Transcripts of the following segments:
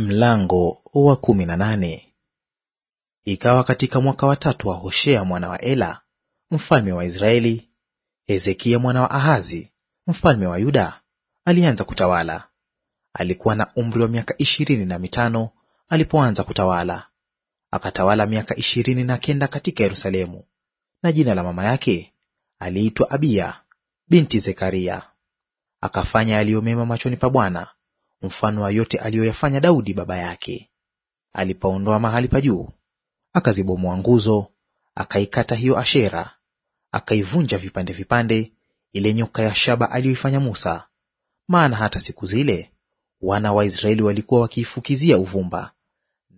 Mlango wa kumi na nane. Ikawa katika mwaka wa tatu wa Hoshea mwana wa Ela mfalme wa Israeli, Hezekia mwana wa Ahazi mfalme wa Yuda alianza kutawala. Alikuwa na umri wa miaka ishirini na mitano alipoanza kutawala, akatawala miaka ishirini na kenda katika Yerusalemu. Na jina la mama yake aliitwa Abiya binti Zekaria. Akafanya yaliyomema machoni pa Bwana mfano wa yote aliyoyafanya Daudi baba yake. Alipaondoa mahali pa juu, akazibomoa nguzo, akaikata hiyo Ashera, akaivunja vipande vipande ile nyoka ya shaba aliyoifanya Musa. Maana hata siku zile wana wa Israeli walikuwa wakiifukizia uvumba,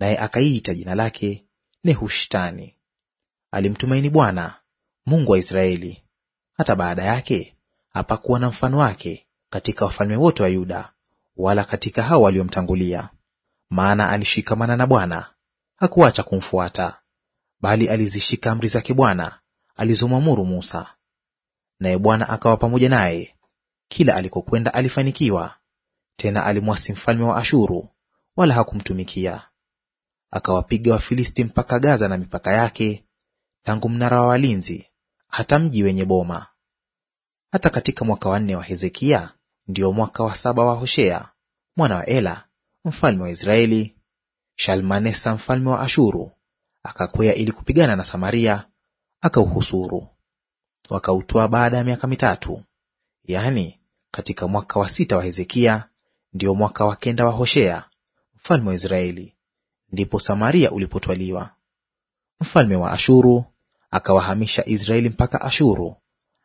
naye akaiita jina lake Nehushtani. Alimtumaini Bwana Mungu wa Israeli, hata baada yake hapakuwa na mfano wake katika wafalme wote wa Yuda wala katika hao waliomtangulia, maana alishikamana na Bwana, hakuacha kumfuata, bali alizishika amri zake Bwana alizomwamuru Musa. Naye Bwana akawa pamoja naye; kila alikokwenda alifanikiwa. Tena alimwasi mfalme wa Ashuru, wala hakumtumikia. Akawapiga Wafilisti mpaka Gaza na mipaka yake, tangu mnara wa walinzi hata mji wenye boma. Hata katika mwaka wa nne wa Hezekia ndiyo mwaka wa saba wa Hoshea mwana wa Ela mfalme wa Israeli, Shalmanesa mfalme wa Ashuru akakwea ili kupigana na Samaria, akauhusuru. wakautwa baada ya miaka mitatu, yaani katika mwaka wa sita wa Hezekia, ndiyo mwaka wa kenda wa Hoshea mfalme wa Israeli, ndipo Samaria ulipotwaliwa. Mfalme wa Ashuru akawahamisha Israeli mpaka Ashuru,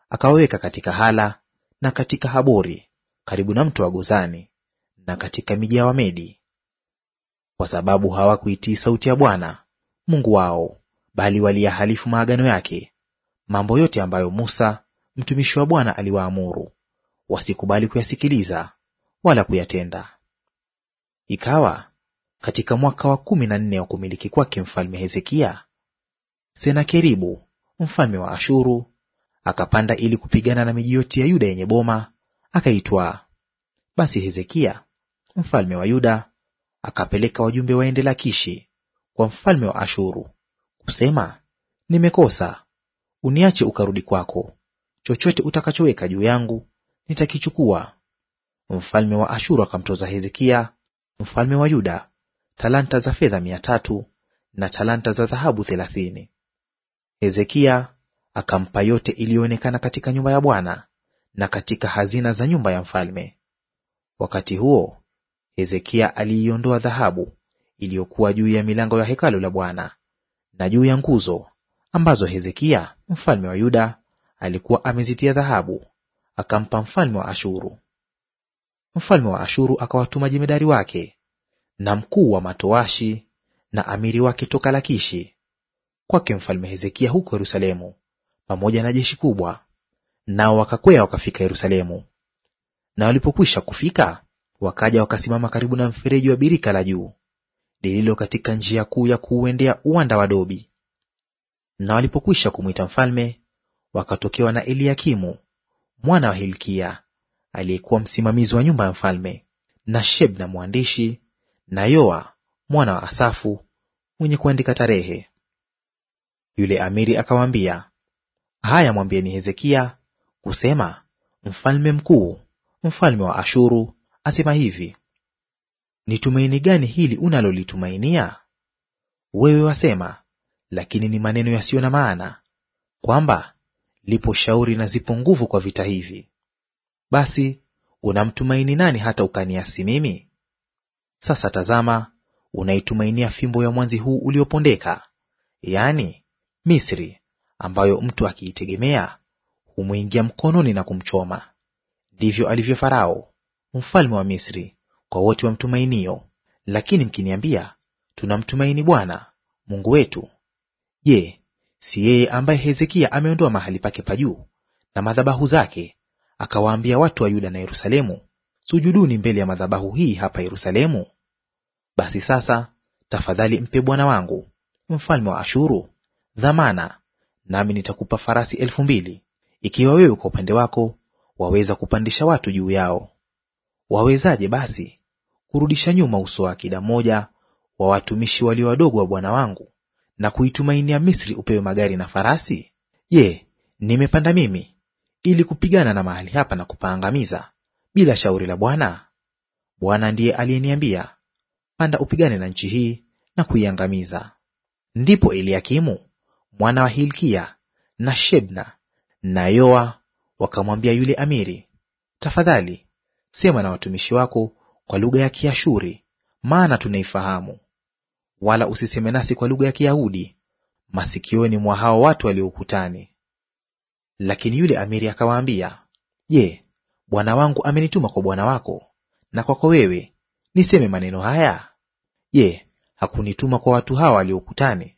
akawaweka katika Hala na katika Habori karibu na mto wa Gozani na katika miji ya Wamedi, kwa sababu hawakuitii sauti ya Bwana Mungu wao, bali waliyahalifu maagano yake, mambo yote ambayo Musa mtumishi wa Bwana aliwaamuru, wasikubali kuyasikiliza wala kuyatenda. Ikawa katika mwaka wa kumi na nne wa kumiliki kwake mfalme Hezekia, Senakeribu mfalme wa Ashuru akapanda ili kupigana na miji yote ya Yuda yenye boma akaitwaa. Basi Hezekia mfalme wa Yuda akapeleka wajumbe waende Lakishi kwa mfalme wa Ashuru kusema, nimekosa, uniache ukarudi kwako; chochote utakachoweka juu yangu nitakichukua. Mfalme wa Ashuru akamtoza Hezekia mfalme wa Yuda talanta za fedha mia tatu na talanta za dhahabu thelathini. Hezekia akampa yote iliyoonekana katika nyumba ya Bwana na katika hazina za nyumba ya mfalme. Wakati huo Hezekia aliiondoa dhahabu iliyokuwa juu ya milango ya hekalu la Bwana na juu ya nguzo ambazo Hezekia mfalme wa Yuda alikuwa amezitia dhahabu, akampa mfalme wa Ashuru. Mfalme wa Ashuru akawatuma jemedari wake na mkuu wa matoashi na amiri wake toka Lakishi kwake mfalme Hezekia huko Yerusalemu, pamoja na jeshi kubwa nao wakakwea wakafika Yerusalemu. Na walipokwisha kufika, wakaja wakasimama karibu na mfereji wa birika la juu lililo katika njia kuu ya kuuendea uwanda wa Dobi. Na walipokwisha kumwita mfalme, wakatokewa na Eliakimu mwana wa Hilkia aliyekuwa msimamizi wa nyumba ya mfalme, na Shebna mwandishi, na Yoa mwana wa Asafu mwenye kuandika tarehe. Yule amiri akawaambia, haya mwambieni Hezekia kusema, Mfalme mkuu, mfalme wa Ashuru asema hivi, ni tumaini gani hili unalolitumainia? Wewe wasema, lakini ni maneno yasiyo na maana, kwamba lipo shauri na zipo nguvu kwa vita hivi. Basi unamtumaini nani hata ukaniasi mimi? Sasa tazama, unaitumainia fimbo ya mwanzi huu uliopondeka, yaani Misri, ambayo mtu akiitegemea kumwingia mkononi na kumchoma. Ndivyo alivyo Farao mfalme wa Misri kwa wote wamtumainio. Lakini mkiniambia, tunamtumaini Bwana Mungu wetu, je, si yeye ambaye Hezekia ameondoa mahali pake pa juu na madhabahu zake, akawaambia watu wa Yuda na Yerusalemu, sujuduni mbele ya madhabahu hii hapa Yerusalemu? Basi sasa tafadhali mpe bwana wangu mfalme wa Ashuru dhamana, nami nitakupa farasi elfu mbili ikiwa wewe kwa upande wako waweza kupandisha watu juu yao, wawezaje basi kurudisha nyuma uso wa akida mmoja wa watumishi walio wadogo wa bwana wangu, na kuitumainia Misri upewe magari na farasi? Je, nimepanda mimi ili kupigana na mahali hapa na kupaangamiza bila shauri la Bwana? Bwana ndiye aliyeniambia, panda upigane na nchi hii na kuiangamiza. Ndipo Eliakimu mwana wa Hilkia na Shebna na Yoa wakamwambia yule amiri, tafadhali sema na watumishi wako kwa lugha ya Kiashuri, maana tunaifahamu, wala usiseme nasi kwa lugha ya Kiyahudi masikioni mwa hao watu waliokutani. Lakini yule amiri akawaambia, Je, bwana wangu amenituma kwa bwana wako na kwako wewe niseme maneno haya? Je, hakunituma kwa watu hawa waliokutani,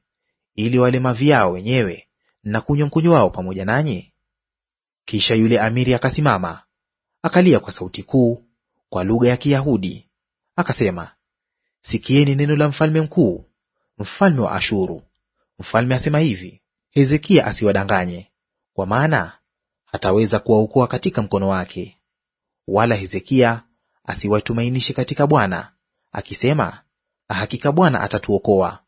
ili wale mavi yao wenyewe na kunywa mkunywa wao pamoja nanyi? Kisha yule amiri akasimama, akalia kwa sauti kuu kwa lugha ya Kiyahudi, akasema, sikieni neno la mfalme mkuu, mfalme wa Ashuru. Mfalme asema hivi, Hezekia asiwadanganye, kwa maana hataweza kuwaokoa katika mkono wake. Wala Hezekia asiwatumainishe katika Bwana, akisema, hakika Bwana atatuokoa.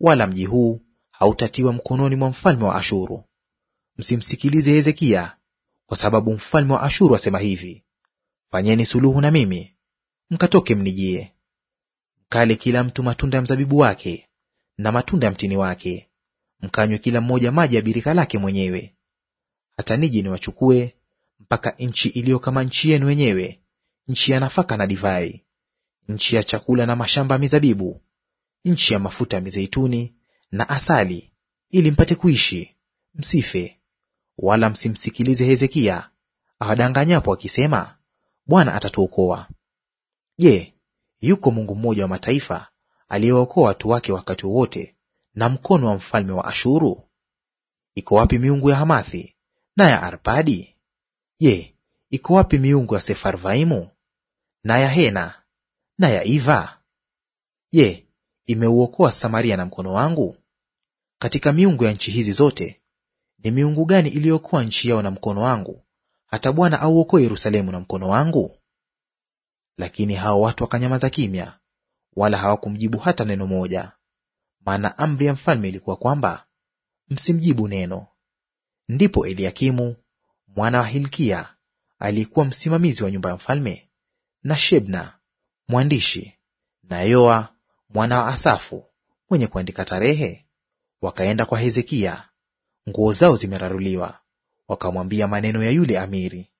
Wala mji huu hautatiwa mkononi mwa mfalme wa Ashuru. Msimsikilize Hezekia kwa sababu mfalme wa Ashuru asema hivi, fanyeni suluhu na mimi, mkatoke mnijie. Mkale kila mtu matunda ya mzabibu wake na matunda ya mtini wake, mkanywe kila mmoja maji ya birika lake mwenyewe, hata nije niwachukue mpaka nchi iliyo kama nchi yenu wenyewe, nchi ya nafaka na divai, nchi ya chakula na mashamba ya mizabibu, nchi ya mafuta ya mizeituni na asali, ili mpate kuishi, msife wala msimsikilize Hezekia awadanganyapo akisema, Bwana atatuokoa. Je, yuko Mungu mmoja wa mataifa aliyewaokoa watu wake wakati wowote na mkono wa mfalme wa Ashuru? Iko wapi miungu ya Hamathi na ya Arpadi? Je, iko wapi miungu ya Sefarvaimu na ya Hena na ya Iva? Je, imeuokoa Samaria na mkono wangu? Katika miungu ya nchi hizi zote ni miungu gani iliyokuwa nchi yao na mkono wangu, hata Bwana auokoe Yerusalemu na mkono wangu? Lakini hao watu wakanyamaza kimya, wala hawakumjibu hata neno moja. Maana amri ya mfalme ilikuwa kwamba msimjibu neno. Ndipo Eliakimu mwana wa Hilkia aliyekuwa msimamizi wa nyumba ya mfalme, na Shebna mwandishi, na Yoa mwana wa Asafu mwenye kuandika tarehe, wakaenda kwa Hezekia nguo zao zimeraruliwa, wakamwambia maneno ya yule amiri.